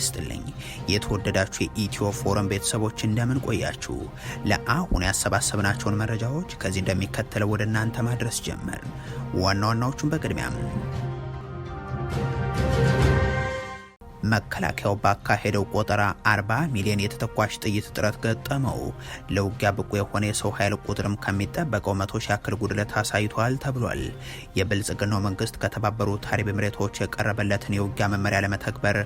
ይስጥልኝ። የተወደዳችሁ የኢትዮ ፎረም ቤተሰቦች እንደምን ቆያችሁ? ለአሁን ያሰባሰብናቸውን መረጃዎች ከዚህ እንደሚከተለው ወደ እናንተ ማድረስ ጀመር። ዋና ዋናዎቹን በቅድሚያም መከላከያው ባካሄደው ቆጠራ 40 ሚሊዮን የተተኳሽ ጥይት እጥረት ገጠመው። ለውጊያ ብቁ የሆነ የሰው ኃይል ቁጥርም ከሚጠበቀው መቶ ሺህ ያክል ጉድለት አሳይቷል ተብሏል። የብልጽግናው መንግስት ከተባበሩት አረብ ኤሚሬቶች የቀረበለትን የውጊያ መመሪያ ለመተግበር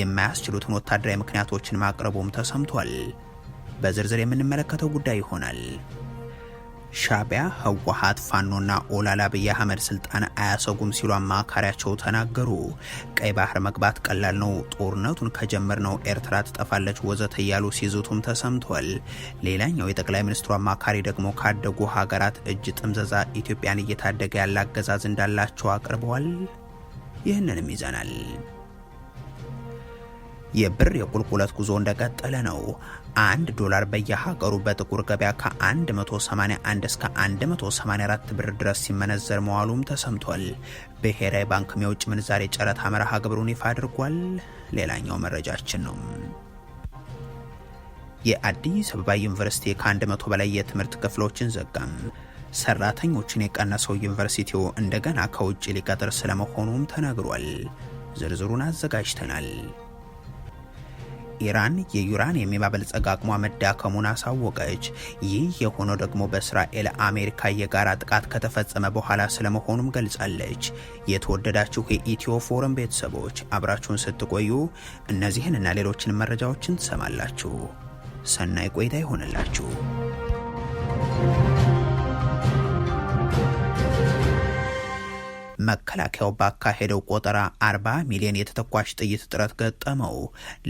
የማያስችሉትን ወታደራዊ ምክንያቶችን ማቅረቡም ተሰምቷል። በዝርዝር የምንመለከተው ጉዳይ ይሆናል። ሻቢያ፣ ህወሓት፣ ፋኖና ኦላላ አብይ አህመድ ስልጣን አያሰጉም ሲሉ አማካሪያቸው ተናገሩ። ቀይ ባህር መግባት ቀላል ነው፣ ጦርነቱን ነው ኤርትራ ትጠፋለች፣ ወዘተ እያሉ ሲዝቱም ተሰምቷል። ሌላኛው የጠቅላይ ሚኒስትሩ አማካሪ ደግሞ ካደጉ ሀገራት እጅ ጥምዘዛ ኢትዮጵያን እየታደገ ያለ አገዛዝ እንዳላቸው አቅርበዋል። ይህንንም ይዘናል። የብር የቁልቁለት ጉዞ እንደቀጠለ ነው። አንድ ዶላር በየሀገሩ በጥቁር ገበያ ከ181 እስከ 184 ብር ድረስ ሲመነዘር መዋሉም ተሰምቷል። ብሔራዊ ባንክም የውጭ ምንዛሬ ጨረታ መርሃ ግብሩን ይፋ አድርጓል። ሌላኛው መረጃችን ነው። የአዲስ አበባ ዩኒቨርሲቲ ከ100 በላይ የትምህርት ክፍሎችን ዘጋም። ሰራተኞችን የቀነሰው ዩኒቨርሲቲው እንደገና ከውጭ ሊቀጥር ስለመሆኑም ተነግሯል። ዝርዝሩን አዘጋጅተናል። ኢራን የዩራኒየም የማበልጸግ አቅሟ መዳከሙን አሳወቀች። ይህ የሆነው ደግሞ በእስራኤል አሜሪካ የጋራ ጥቃት ከተፈጸመ በኋላ ስለመሆኑም ገልጻለች። የተወደዳችሁ የኢትዮ ፎረም ቤተሰቦች አብራችሁን ስትቆዩ እነዚህን እና ሌሎችን መረጃዎችን ትሰማላችሁ። ሰናይ ቆይታ ይሆንላችሁ። መከላከያው ባካሄደው ቆጠራ 40 ሚሊዮን የተተኳሽ ጥይት እጥረት ገጠመው።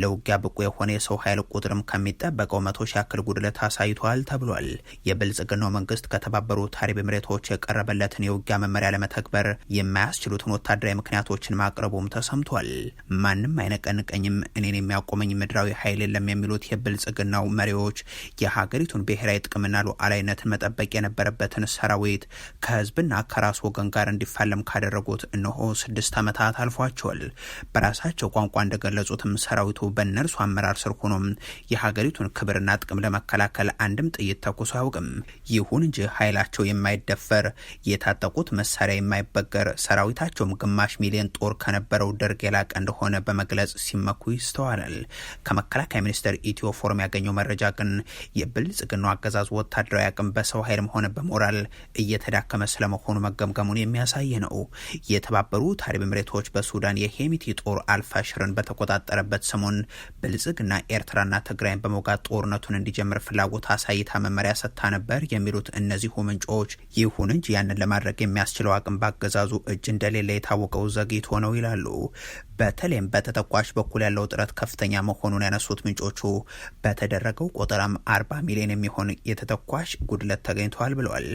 ለውጊያ ብቁ የሆነ የሰው ኃይል ቁጥርም ከሚጠበቀው መቶ ሺህ ያክል ጉድለት አሳይቷል ተብሏል። የብልጽግናው መንግስት ከተባበሩት አረብ ኤምሬቶች የቀረበለትን የውጊያ መመሪያ ለመተግበር የማያስችሉትን ወታደራዊ ምክንያቶችን ማቅረቡም ተሰምቷል። ማንም አይነቀንቀኝም፣ እኔን የሚያቆመኝ ምድራዊ ኃይል የለም የሚሉት የብልጽግናው መሪዎች የሀገሪቱን ብሔራዊ ጥቅምና ሉዓላዊነትን መጠበቅ የነበረበትን ሰራዊት ከህዝብና ከራስ ወገን ጋር እንዲፋለም ካ ካደረጉት እነሆ ስድስት ዓመታት አልፏቸዋል። በራሳቸው ቋንቋ እንደገለጹትም ሰራዊቱ በእነርሱ አመራር ስር ሆኖም የሀገሪቱን ክብርና ጥቅም ለመከላከል አንድም ጥይት ተኩሶ አያውቅም። ይሁን እንጂ ኃይላቸው የማይደፈር የታጠቁት መሳሪያ የማይበገር ሰራዊታቸውም ግማሽ ሚሊዮን ጦር ከነበረው ደርግ የላቀ እንደሆነ በመግለጽ ሲመኩ ይስተዋላል። ከመከላከያ ሚኒስቴር ኢትዮ ፎረም ያገኘው መረጃ ግን የብልጽግናው አገዛዝ ወታደራዊ አቅም በሰው ኃይልም ሆነ በሞራል እየተዳከመ ስለመሆኑ መገምገሙን የሚያሳይ ነው። የተባበሩት አረብ ኤምሬቶች በሱዳን የሄሚቲ ጦር አልፋሽርን በተቆጣጠረበት ሰሞን ብልጽግና ኤርትራና ትግራይን በመውጋት ጦርነቱን እንዲጀምር ፍላጎት አሳይታ መመሪያ ሰጥታ ነበር የሚሉት እነዚሁ ምንጮች፣ ይሁን እንጂ ያንን ለማድረግ የሚያስችለው አቅም በአገዛዙ እጅ እንደሌለ የታወቀው ዘግይቶ ነው ይላሉ። በተለይም በተተኳሽ በኩል ያለው ጥረት ከፍተኛ መሆኑን ያነሱት ምንጮቹ በተደረገው ቆጠራም አርባ ሚሊዮን የሚሆን የተተኳሽ ጉድለት ተገኝተዋል ብለዋል።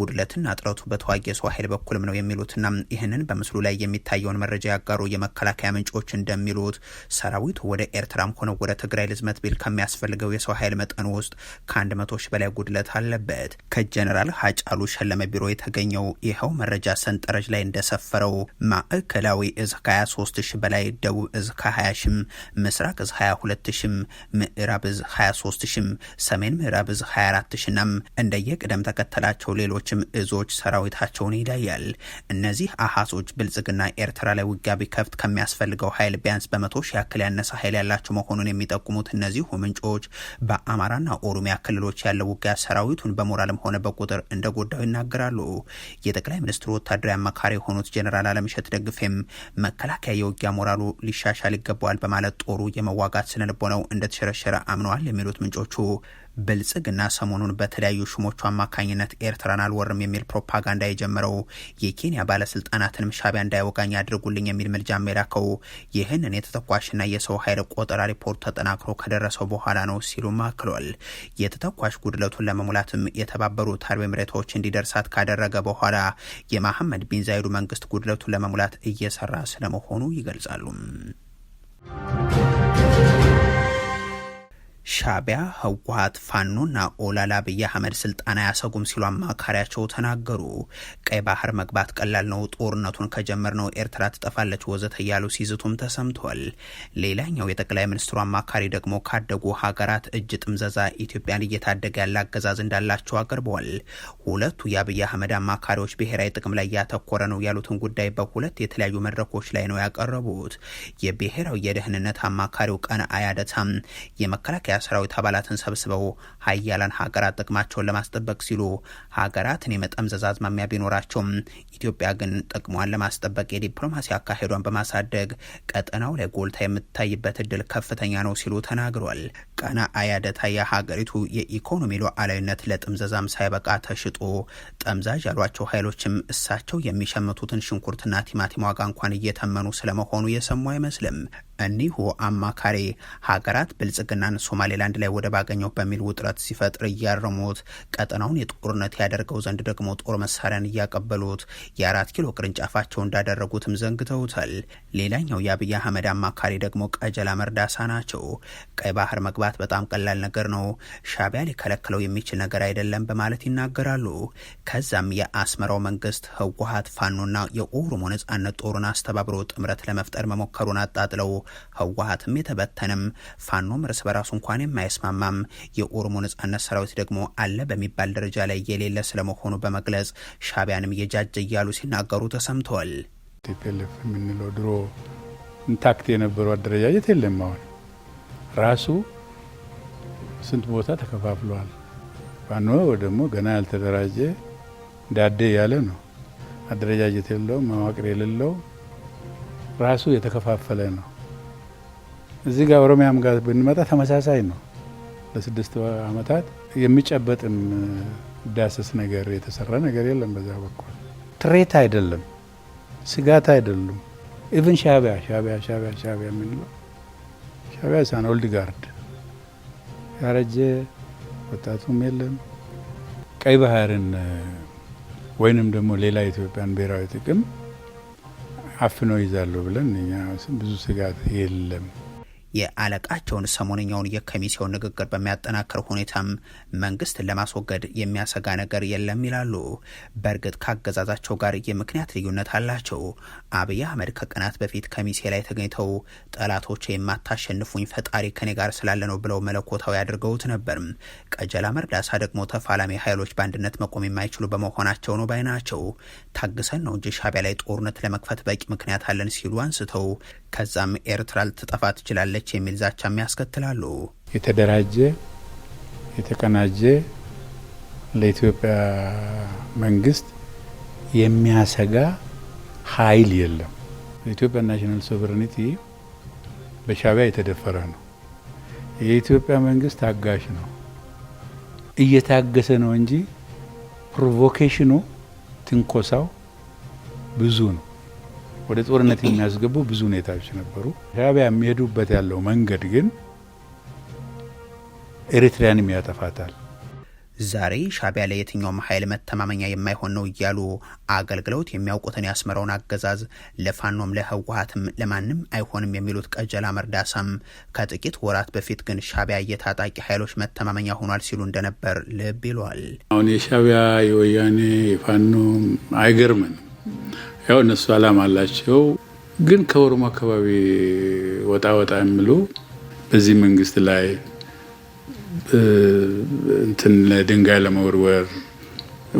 ጉድለትና ጥረቱ በተዋጊ የሰው ኃይል በኩልም ነው የሚሉትና ይህንን በምስሉ ላይ የሚታየውን መረጃ ያጋሩ የመከላከያ ምንጮች እንደሚሉት ሰራዊቱ ወደ ኤርትራም ሆነ ወደ ትግራይ ልዝመት ቢል ከሚያስፈልገው የሰው ኃይል መጠን ውስጥ ከአንድ መቶ ሺህ በላይ ጉድለት አለበት። ከጀነራል ሀጫሉ ሸለመ ቢሮ የተገኘው ይኸው መረጃ ሰንጠረዥ ላይ እንደሰፈረው ማዕከላዊ እዝ ከ23 ሺህ በላይ፣ ደቡብ እዝ ከ20 ሺህም፣ ምስራቅ እዝ 22 ሺህም፣ ምዕራብ እዝ 23 ሺህም፣ ሰሜን ምዕራብ እዝ 24 ናም እንደየቅደም ተከተላቸው ሌሎችም እዞች ሰራዊታቸውን ይለያል። እነዚህ አሃዞች ብልጽግና ኤርትራ ላይ ውጊያ ቢከፍት ከሚያስፈልገው ኃይል ቢያንስ በመቶ ሺ ያክል ያነሰ ኃይል ያላቸው መሆኑን የሚጠቁሙት እነዚሁ ምንጮች በአማራና ኦሮሚያ ክልሎች ያለው ውጊያ ሰራዊቱን በሞራልም ሆነ በቁጥር እንደ ጎዳው ይናገራሉ። የጠቅላይ ሚኒስትሩ ወታደራዊ አማካሪ የሆኑት ጀኔራል አለምሸት ደግፌም መከላከያ የውጊያ ሞራሉ ሊሻሻል ይገባዋል በማለት ጦሩ የመዋጋት ስነልቦናው እንደተሸረሸረ አምነዋል የሚሉት ምንጮቹ ብልጽግና ሰሞኑን በተለያዩ ሹሞቹ አማካኝነት ኤርትራን አልወርም የሚል ፕሮፓጋንዳ የጀመረው የኬንያ ባለስልጣናትንም ሻቢያ እንዳይወጋኝ ያድርጉልኝ የሚል ምልጃ የላከው ይህንን የተተኳሽና የሰው ኃይል ቆጠራ ሪፖርት ተጠናክሮ ከደረሰው በኋላ ነው ሲሉም አክሏል። የተተኳሽ ጉድለቱን ለመሙላትም የተባበሩት አረብ ኤሚሬቶች እንዲደርሳት ካደረገ በኋላ የመሐመድ ቢን ዛይዱ መንግስት ጉድለቱን ለመሙላት እየሰራ ስለመሆኑ ይገልጻሉ። ሻቢያ ህወሓት፣ ፋኖና ኦላላ አብይ አህመድ ስልጣን አያሰጉም ሲሉ አማካሪያቸው ተናገሩ። ቀይ ባህር መግባት ቀላል ነው፣ ጦርነቱን ነው ኤርትራ ትጠፋለች ወዘተ እያሉ ሲዝቱም ተሰምቷል። ሌላኛው የጠቅላይ ሚኒስትሩ አማካሪ ደግሞ ካደጉ ሀገራት እጅ ጥምዘዛ ኢትዮጵያን እየታደገ ያለ አገዛዝ እንዳላቸው አቅርበዋል። ሁለቱ የአብይ አህመድ አማካሪዎች ብሔራዊ ጥቅም ላይ ያተኮረ ነው ያሉትን ጉዳይ በሁለት የተለያዩ መድረኮች ላይ ነው ያቀረቡት። የብሔራዊ የደህንነት አማካሪው ቀን አያደታም የመከላከያ የመከላከያ ሰራዊት አባላትን ሰብስበው ሀያላን ሀገራት ጥቅማቸውን ለማስጠበቅ ሲሉ ሀገራትን የመጠምዘዝ አዝማሚያ ቢኖራቸውም ኢትዮጵያ ግን ጥቅሟን ለማስጠበቅ የዲፕሎማሲ አካሄዷን በማሳደግ ቀጠናው ላይ ጎልታ የምታይበት እድል ከፍተኛ ነው ሲሉ ተናግሯል። ቀና አያደታ የሀገሪቱ የኢኮኖሚ ሉዓላዊነት ለጥምዘዛም ሳይበቃ ተሽጦ ጠምዛዥ ያሏቸው ኃይሎችም እሳቸው የሚሸምቱትን ሽንኩርትና ቲማቲም ዋጋ እንኳን እየተመኑ ስለመሆኑ የሰሙ አይመስልም። እኒሁ አማካሪ ሀገራት ብልጽግናን ሶማሌላንድ ላይ ወደብ አገኘሁ በሚል ውጥረት ሲፈጥር እያረሙት፣ ቀጠናውን የጦርነት ያደርገው ዘንድ ደግሞ ጦር መሳሪያን እያቀበሉት የአራት ኪሎ ቅርንጫፋቸው እንዳደረጉትም ዘንግተውታል። ሌላኛው የአብይ አህመድ አማካሪ ደግሞ ቀጀላ መርዳሳ ናቸው። ቀይ ባህር መግባት በጣም ቀላል ነገር ነው፣ ሻቢያ ሊከለክለው የሚችል ነገር አይደለም በማለት ይናገራሉ። ከዛም የአስመራው መንግስት ህወሀት ፋኖና የኦሮሞ ነጻነት ጦሩን አስተባብሮ ጥምረት ለመፍጠር መሞከሩን አጣጥለው ህወሀትም የተበተንም ፋኖም እርስ በራሱ እንኳን የማይስማማም የኦሮሞ ነጻነት ሰራዊት ደግሞ አለ በሚባል ደረጃ ላይ የሌለ ስለመሆኑ በመግለጽ ሻቢያንም እየጃጀ እያሉ ሲናገሩ ተሰምተዋል። ቲፒኤልኤፍ የምንለው ድሮ ኢንታክት የነበረው አደረጃጀት የለም። አሁን ራሱ ስንት ቦታ ተከፋፍሏል። ፋኖ ደግሞ ገና ያልተደራጀ ዳዴ ያለ ነው። አደረጃጀት የለው መዋቅር የሌለው ራሱ የተከፋፈለ ነው። እዚህ ጋር ኦሮሚያም ጋር ብንመጣ ተመሳሳይ ነው። ለስድስት ዓመታት የሚጨበጥም ዳሰስ ነገር የተሰራ ነገር የለም። በዛ በኩል ትሬት አይደለም፣ ስጋት አይደሉም። ኢቭን ሻቢያ ሻቢያ ሻቢያ ሻቢያ የምንለው ሻቢያ ሳን ኦልድ ጋርድ ያረጀ ወጣቱም የለም። ቀይ ባህርን ወይንም ደግሞ ሌላ ኢትዮጵያን ብሔራዊ ጥቅም አፍኖ ይዛሉ ብለን ብዙ ስጋት የለም። የአለቃቸውን ሰሞነኛውን የኮሚቴውን ንግግር በሚያጠናክር ሁኔታም መንግስትን ለማስወገድ የሚያሰጋ ነገር የለም ይላሉ። በእርግጥ ካገዛዛቸው ጋር የምክንያት ልዩነት አላቸው። አብይ አህመድ ከቀናት በፊት ኮሚቴ ላይ ተገኝተው ጠላቶች የማታሸንፉኝ ፈጣሪ ከኔ ጋር ስላለ ነው ብለው መለኮታዊ አድርገውት ነበር። ቀጀላ መርዳሳ ደግሞ ተፋላሚ ኃይሎች በአንድነት መቆም የማይችሉ በመሆናቸው ነው ባይ ናቸው። ታግሰን ነው እንጂ ሻቢያ ላይ ጦርነት ለመክፈት በቂ ምክንያት አለን ሲሉ አንስተው ከዛም ኤርትራ ልትጠፋ ትችላለች ትችላለች የሚል ዛቻም ያስከትላሉ። የተደራጀ የተቀናጀ ለኢትዮጵያ መንግስት የሚያሰጋ ኃይል የለም። የኢትዮጵያ ናሽናል ሶቨረኒቲ በሻቢያ የተደፈረ ነው። የኢትዮጵያ መንግስት ታጋሽ ነው፣ እየታገሰ ነው እንጂ ፕሮቮኬሽኑ፣ ትንኮሳው ብዙ ነው። ወደ ጦርነት የሚያስገቡ ብዙ ሁኔታዎች ነበሩ። ሻቢያ የሚሄዱበት ያለው መንገድ ግን ኤሪትሪያንም ያጠፋታል። ዛሬ ሻቢያ ለየትኛውም ኃይል መተማመኛ የማይሆን ነው እያሉ አገልግሎት የሚያውቁትን ያስመረውን አገዛዝ ለፋኖም ለህወሀትም ለማንም አይሆንም የሚሉት ቀጀላ መርዳሳም ከጥቂት ወራት በፊት ግን ሻቢያ የታጣቂ ኃይሎች መተማመኛ ሆኗል ሲሉ እንደነበር ልብ ይሏል። አሁን የሻቢያ የወያኔ የፋኖም አይገርምንም? ያው እነሱ አላማ አላቸው። ግን ከኦሮሞ አካባቢ ወጣ ወጣ የሚሉ በዚህ መንግስት ላይ እንትን ድንጋይ ለመወርወር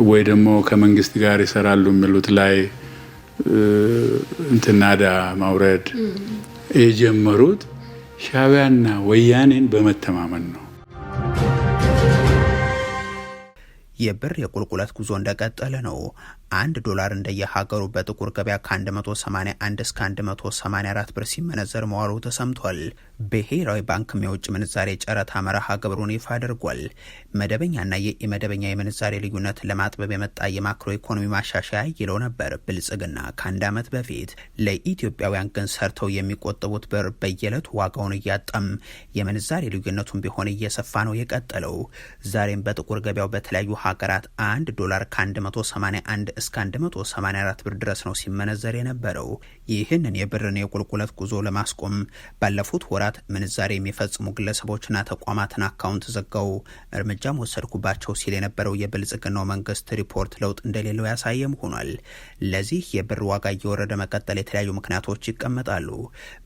ወይ ደግሞ ከመንግስት ጋር ይሰራሉ የሚሉት ላይ እንትን ማውረድ የጀመሩት ሻቢያና ወያኔን በመተማመን ነው። የብር የቁልቁለት ጉዞ እንደቀጠለ ነው። አንድ ዶላር እንደየሀገሩ በጥቁር ገበያ ከ181 እስከ 184 ብር ሲመነዘር መዋሉ ተሰምቷል። ብሔራዊ ባንክም የውጭ ምንዛሬ ጨረታ መርሃ ግብሩን ይፋ አድርጓል። መደበኛና የኢመደበኛ የምንዛሬ ልዩነት ለማጥበብ የመጣ የማክሮ ኢኮኖሚ ማሻሻያ ይለው ነበር ብልጽግና ከአንድ ዓመት በፊት። ለኢትዮጵያውያን ግን ሰርተው የሚቆጥቡት ብር በየዕለቱ ዋጋውን እያጣም የምንዛሬ ልዩነቱን ቢሆን እየሰፋ ነው የቀጠለው። ዛሬም በጥቁር ገበያው በተለያዩ ሀገራት አንድ ዶላር ከ181 እስከ 184 ብር ድረስ ነው ሲመነዘር የነበረው። ይህንን የብርን የቁልቁለት ጉዞ ለማስቆም ባለፉት ወራት ምንዛሬ የሚፈጽሙ ግለሰቦችና ተቋማትን አካውንት ዘጋው እርምጃም ወሰድኩባቸው ሲል የነበረው የብልጽግናው መንግስት ሪፖርት ለውጥ እንደሌለው ያሳየም ሆኗል። ለዚህ የብር ዋጋ እየወረደ መቀጠል የተለያዩ ምክንያቶች ይቀመጣሉ።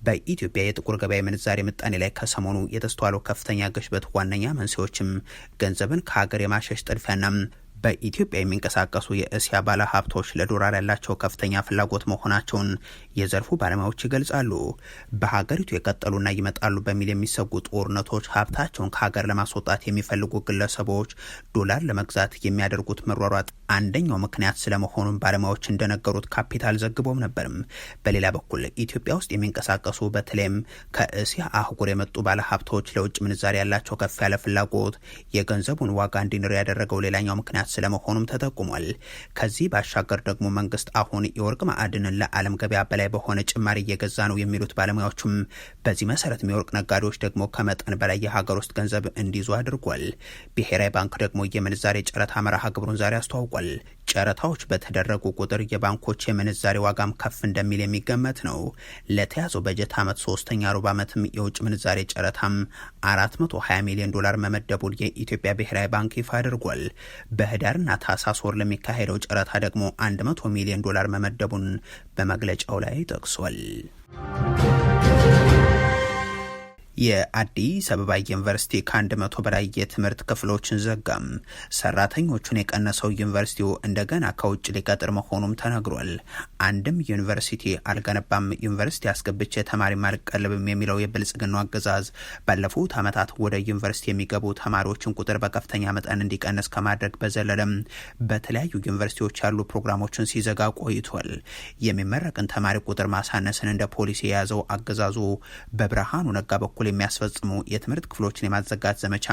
በኢትዮጵያ የጥቁር ገበያ ምንዛሬ ምጣኔ ላይ ከሰሞኑ የተስተዋለው ከፍተኛ ግሽበት ዋነኛ መንስኤዎችም ገንዘብን ከሀገር የማሸሽ ጥድፊያና በኢትዮጵያ የሚንቀሳቀሱ የእስያ ባለ ሀብቶች ለዶላር ያላቸው ከፍተኛ ፍላጎት መሆናቸውን የዘርፉ ባለሙያዎች ይገልጻሉ። በሀገሪቱ የቀጠሉና ይመጣሉ በሚል የሚሰጉ ጦርነቶች ሀብታቸውን ከሀገር ለማስወጣት የሚፈልጉ ግለሰቦች ዶላር ለመግዛት የሚያደርጉት መሯሯጥ አንደኛው ምክንያት ስለመሆኑን ባለሙያዎች እንደነገሩት ካፒታል ዘግቦም ነበርም። በሌላ በኩል ኢትዮጵያ ውስጥ የሚንቀሳቀሱ በተለይም ከእስያ አህጉር የመጡ ባለሀብቶች ለውጭ ምንዛሪ ያላቸው ከፍ ያለ ፍላጎት የገንዘቡን ዋጋ እንዲኖር ያደረገው ሌላኛው ምክንያት ስለመሆኑም ተጠቁሟል። ከዚህ ባሻገር ደግሞ መንግስት አሁን የወርቅ ማዕድንን ለዓለም ገበያ በላይ በሆነ ጭማሪ እየገዛ ነው የሚሉት ባለሙያዎቹም በዚህ መሰረት የወርቅ ነጋዴዎች ደግሞ ከመጠን በላይ የሀገር ውስጥ ገንዘብ እንዲይዙ አድርጓል። ብሔራዊ ባንክ ደግሞ የምንዛሬ ጨረታ መርሃ ግብሩን ዛሬ አስተዋውቋል። ታውቋል። ጨረታዎች በተደረጉ ቁጥር የባንኮች የምንዛሬ ዋጋም ከፍ እንደሚል የሚገመት ነው። ለተያዘው በጀት ዓመት ሶስተኛ ሩብ ዓመትም የውጭ ምንዛሬ ጨረታም 420 ሚሊዮን ዶላር መመደቡን የኢትዮጵያ ብሔራዊ ባንክ ይፋ አድርጓል። በህዳርና ታህሳስ ወር ለሚካሄደው ጨረታ ደግሞ 100 ሚሊዮን ዶላር መመደቡን በመግለጫው ላይ ጠቅሷል። የአዲስ አበባ ዩኒቨርሲቲ ከአንድ መቶ በላይ የትምህርት ክፍሎችን ዘጋም። ሰራተኞቹን የቀነሰው ዩኒቨርሲቲው እንደገና ከውጭ ሊቀጥር መሆኑም ተነግሯል። አንድም ዩኒቨርሲቲ አልገነባም፣ ዩኒቨርሲቲ አስገብቼ ተማሪ አልቀልብም የሚለው የብልጽግናው አገዛዝ ባለፉት ዓመታት ወደ ዩኒቨርሲቲ የሚገቡ ተማሪዎችን ቁጥር በከፍተኛ መጠን እንዲቀንስ ከማድረግ በዘለለም በተለያዩ ዩኒቨርሲቲዎች ያሉ ፕሮግራሞችን ሲዘጋ ቆይቷል። የሚመረቅን ተማሪ ቁጥር ማሳነስን እንደ ፖሊሲ የያዘው አገዛዙ በብርሃኑ ነጋ በኩል የሚያስፈጽሙ የትምህርት ክፍሎችን የማዘጋት ዘመቻ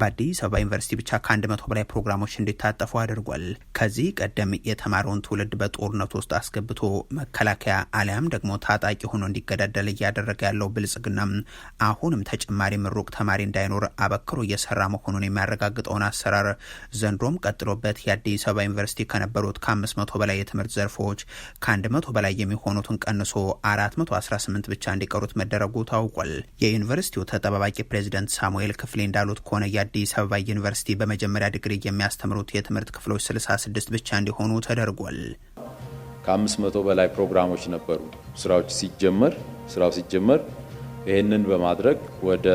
በአዲስ አበባ ዩኒቨርሲቲ ብቻ ከ መቶ በላይ ፕሮግራሞች እንዲታጠፉ አድርጓል። ከዚህ ቀደም የተማረውን ትውልድ በጦርነት ውስጥ አስገብቶ መከላከያ አሊያም ደግሞ ታጣቂ ሆኖ እንዲገዳደል እያደረገ ያለው ብልጽግና አሁንም ተጨማሪ ምሩቅ ተማሪ እንዳይኖር አበክሮ እየሰራ መሆኑን የሚያረጋግጠውን አሰራር ዘንድሮም ቀጥሎበት የአዲስ አበባ ዩኒቨርሲቲ ከነበሩት ከ500 በላይ የትምህርት ዘርፎች ከ100 በላይ የሚሆኑትን ቀንሶ 418 ብቻ እንዲቀሩት መደረጉ ታውቋል። የዩኒቨርሲቲው ተጠባባቂ ፕሬዚደንት ሳሙኤል ክፍሌ እንዳሉት ከሆነ የአዲስ አበባ ዩኒቨርሲቲ በመጀመሪያ ዲግሪ የሚያስተምሩት የትምህርት ክፍሎች 66 ብቻ እንዲሆኑ ተደርጓል። ከ500 በላይ ፕሮግራሞች ነበሩ ስራዎች ሲጀመር ስራው ሲጀመር ይህንን በማድረግ ወደ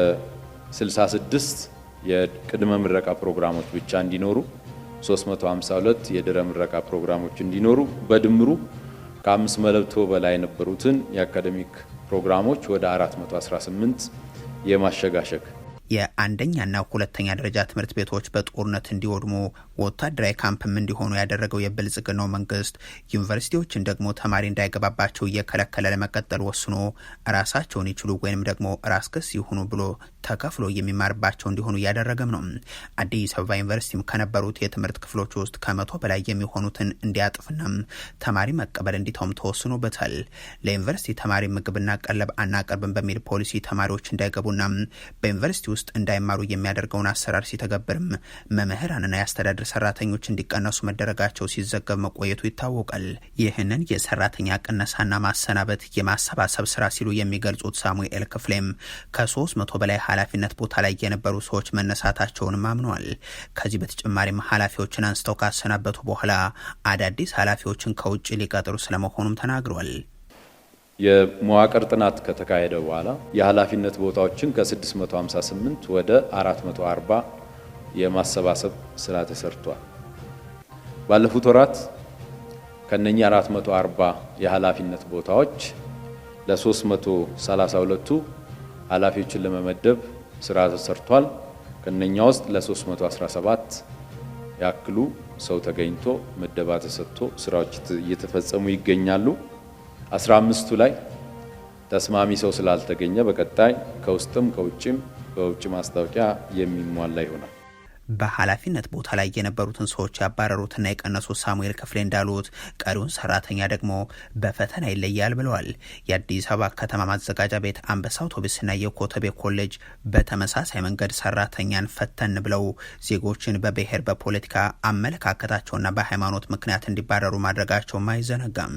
66 የቅድመ ምረቃ ፕሮግራሞች ብቻ እንዲኖሩ 352 የድረ ምረቃ ፕሮግራሞች እንዲኖሩ በድምሩ ከ500 በላይ የነበሩትን የአካደሚክ ፕሮግራሞች ወደ 418 የማሸጋሸግ የአንደኛና ሁለተኛ ደረጃ ትምህርት ቤቶች በጦርነት እንዲወድሙ ወታደራዊ ካምፕም እንዲሆኑ ያደረገው የብልጽግናው መንግስት ዩኒቨርሲቲዎችን ደግሞ ተማሪ እንዳይገባባቸው እየከለከለ ለመቀጠል ወስኖ ራሳቸውን ይችሉ ወይም ደግሞ ራስ ክስ ይሁኑ ብሎ ተከፍሎ የሚማርባቸው እንዲሆኑ እያደረገም ነው። አዲስ አበባ ዩኒቨርሲቲም ከነበሩት የትምህርት ክፍሎች ውስጥ ከመቶ በላይ የሚሆኑትን እንዲያጥፍና ተማሪ መቀበል እንዲተውም ተወስኖበታል። ለዩኒቨርሲቲ ተማሪ ምግብና ቀለብ አናቀርብም በሚል ፖሊሲ ተማሪዎች እንዳይገቡና በዩኒቨርሲቲ ውስጥ እንዳይማሩ የሚያደርገውን አሰራር ሲተገብርም መምህራንና ያስተዳድር ሰራተኞች እንዲቀነሱ መደረጋቸው ሲዘገብ መቆየቱ ይታወቃል። ይህንን የሰራተኛ ቅነሳና ማሰናበት የማሰባሰብ ስራ ሲሉ የሚገልጹት ሳሙኤል ክፍሌም ከሶስት መቶ በላይ ኃላፊነት ቦታ ላይ የነበሩ ሰዎች መነሳታቸውንም አምኗል። ከዚህ በተጨማሪም ኃላፊዎችን አንስተው ካሰናበቱ በኋላ አዳዲስ ኃላፊዎችን ከውጭ ሊቀጥሩ ስለመሆኑም ተናግሯል። የመዋቅር ጥናት ከተካሄደ በኋላ የኃላፊነት ቦታዎችን ከ658 ወደ 440 የማሰባሰብ ስራ ተሰርቷል። ባለፉት ወራት ከነኛ 440 የኃላፊነት ቦታዎች ለ332ቱ ኃላፊዎችን ለመመደብ ስራ ተሰርቷል። ከነኛ ውስጥ ለ317 ያክሉ ሰው ተገኝቶ ምደባ ተሰጥቶ ስራዎች እየተፈጸሙ ይገኛሉ። 15ቱ ላይ ተስማሚ ሰው ስላልተገኘ በቀጣይ ከውስጥም ከውጭም በውጭ ማስታወቂያ የሚሟላ ይሆናል። በኃላፊነት ቦታ ላይ የነበሩትን ሰዎች ያባረሩትና የቀነሱት ሳሙኤል ክፍሌ እንዳሉት ቀሪውን ሰራተኛ ደግሞ በፈተና ይለያል ብለዋል። የአዲስ አበባ ከተማ ማዘጋጃ ቤት አንበሳ አውቶቡስና የኮተቤ ኮሌጅ በተመሳሳይ መንገድ ሰራተኛን ፈተን ብለው ዜጎችን በብሔር በፖለቲካ አመለካከታቸውና በሃይማኖት ምክንያት እንዲባረሩ ማድረጋቸው አይዘነጋም።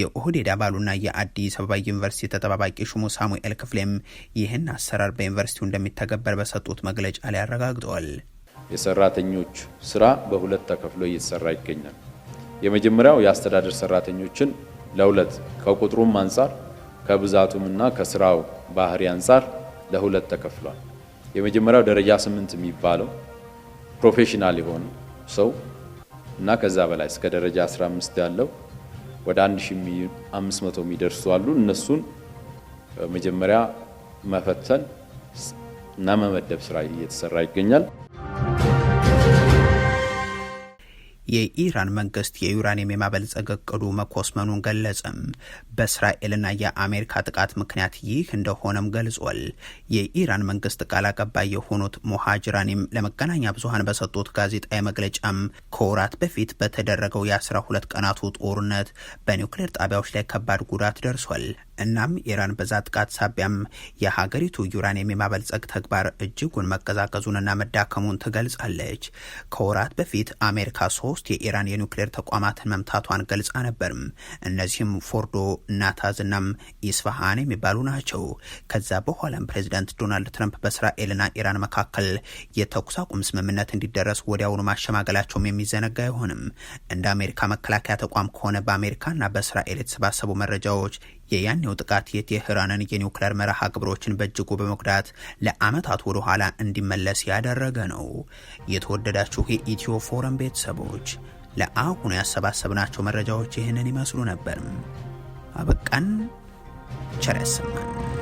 የኦህዴድ አባሉና የአዲስ አበባ ዩኒቨርሲቲ ተጠባባቂ ሹሙ ሳሙኤል ክፍሌም ይህን አሰራር በዩኒቨርሲቲው እንደሚተገበር በሰጡት መግለጫ ላይ አረጋግጠዋል። የሰራተኞች ስራ በሁለት ተከፍሎ እየተሰራ ይገኛል። የመጀመሪያው የአስተዳደር ሰራተኞችን ለሁለት ከቁጥሩም አንጻር ከብዛቱምና ከስራው ባህሪ አንጻር ለሁለት ተከፍሏል። የመጀመሪያው ደረጃ ስምንት የሚባለው ፕሮፌሽናል የሆነ ሰው እና ከዛ በላይ እስከ ደረጃ 15 ያለው ወደ 1500 የሚደርሱ አሉ። እነሱን መጀመሪያ መፈተን እና መመደብ ስራ እየተሰራ ይገኛል። የኢራን መንግስት የዩራኒየም የማበልጸግ እቅዱ መኮስመኑን ገለጸም። በእስራኤልና የአሜሪካ ጥቃት ምክንያት ይህ እንደሆነም ገልጿል። የኢራን መንግስት ቃል አቀባይ የሆኑት ሞሃጅራኒም ለመገናኛ ብዙሀን በሰጡት ጋዜጣዊ መግለጫም ከወራት በፊት በተደረገው የአስራ ሁለት ቀናቱ ጦርነት በኒውክሌር ጣቢያዎች ላይ ከባድ ጉዳት ደርሷል። እናም ኢራን በዛ ጥቃት ሳቢያም የሀገሪቱ ዩራኒየም የማበልጸግ ተግባር እጅጉን መቀዛቀዙንና መዳከሙን ትገልጻለች። ከወራት በፊት አሜሪካ ሶስት የኢራን የኒውክሌር ተቋማትን መምታቷን ገልጻ ነበርም። እነዚህም ፎርዶ፣ ናታዝናም ኢስፋሃን የሚባሉ ናቸው። ከዛ በኋላም ፕሬዚዳንት ዶናልድ ትራምፕ በእስራኤልና ኢራን መካከል የተኩስ አቁም ስምምነት እንዲደረስ ወዲያውኑ ማሸማገላቸውም የሚዘነጋ አይሆንም። እንደ አሜሪካ መከላከያ ተቋም ከሆነ በአሜሪካና በእስራኤል የተሰባሰቡ መረጃዎች የያኔው ጥቃት የቴህራንን የኒውክሌር መርሃ ግብሮችን በእጅጉ በመጉዳት ለአመታት ወደ ኋላ እንዲመለስ ያደረገ ነው። የተወደዳችሁ የኢትዮ ፎረም ቤተሰቦች ለአሁኑ ያሰባሰብናቸው መረጃዎች ይህንን ይመስሉ ነበር። አበቃን። ቸር ያሰማን።